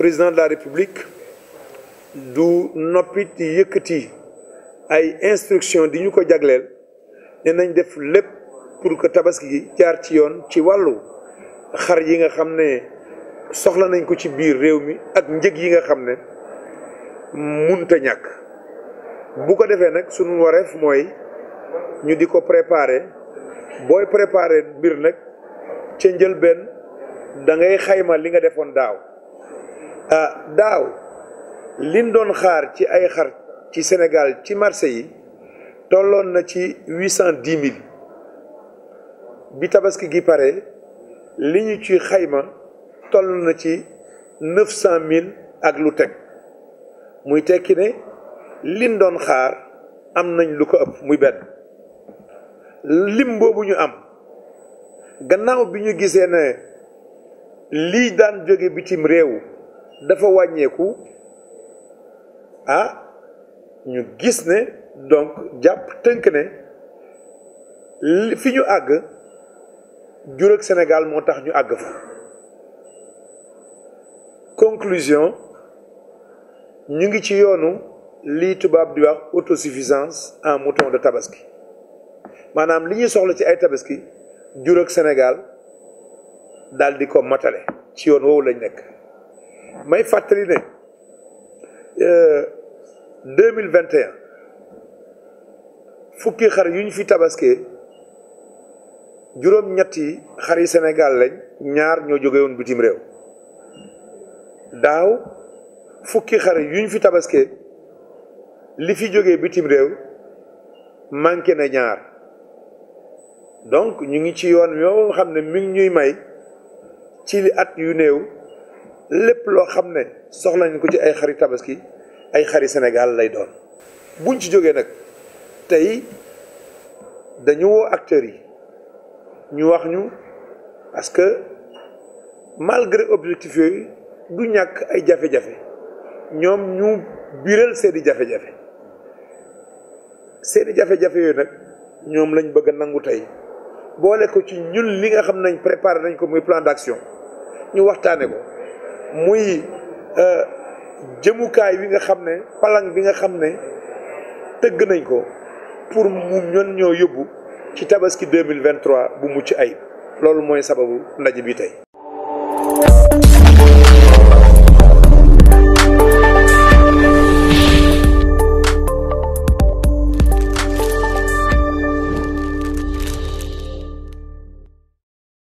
président de la république du noppi yëkkati ay instruction di ñu ko jagleel ne nañ def lépp pour que tabaski jaar ci yoon ci wàllu xar yi nga xam ne soxla nañ ko ci biir réew mi ak njëg yi nga xam ne munta ñàkk bu ko defee nag sunu wareef mooy ñu di ko prépare booy préparer mbir nag ca njëlbeen dangay xayma li nga defoon daaw ah daaw liñ doon xaar ci ay xar ci Sénégal ci marché yi tolloon na ci huit cent dix mille bi tabaski gi pare li ñu ci xayma toll na ci neuf cent mille ak lu teg muy tekki ne liñ doon xaar am nañ lu ko ëpp muy benn lim boobu ñu am gannaaw bi ñu gisee ne lii daan jóge bitim réew dafa wàññeeku ah ñu gis ne donc jàpp tënk ne fi ñu àgg Sénégal moo tax ñu àgg fa conclusion ñu ngi ci yoonu lii tubaab di wax autosuffisance en mouton de tabaski maanaam li ñuy soxla ci ay tabaski jur Sénégal daal di ko matale ci yoon woowu lañ nekk may fàttali ne euh, deux mille vingt et fukki xar yu ñu fi tabaskee juróom ñetti xar yu Sénégal lañ ñaar ñoo jóge woon bitim réew daaw fukki xar yu ñu fi tabaskee li fi jógee bitim réew manqué na ñaar donc ñu ngi ci yoon yoo xam ne mi ngi ñuy may ci li at yu néew. lépp loo xam ne soxla nañ ko ci ay xari tabaski ay xari Sénégal lay doon buñ ci jógee nag tey dañu woo acteurs yi ñu wax ñu parce que malgré objectif yooyu du ñàkk ay jafe-jafe ñoom ñu biral seeni jafe-jafe seeni jafe-jafe yooyu nag ñoom lañ bëgg nangu tey boole ko ci ñun li nga xam nañ préparé nañ ko muy plan d'action ñu waxtaane ko muy euh, jëmukaay bi nga xam ne palang bi nga xam ne tëgg nañ ko pour mu ñon ñoo yóbbu ci tabaski 2023 bu mucc ayib loolu mooy sababu ndaje bi tey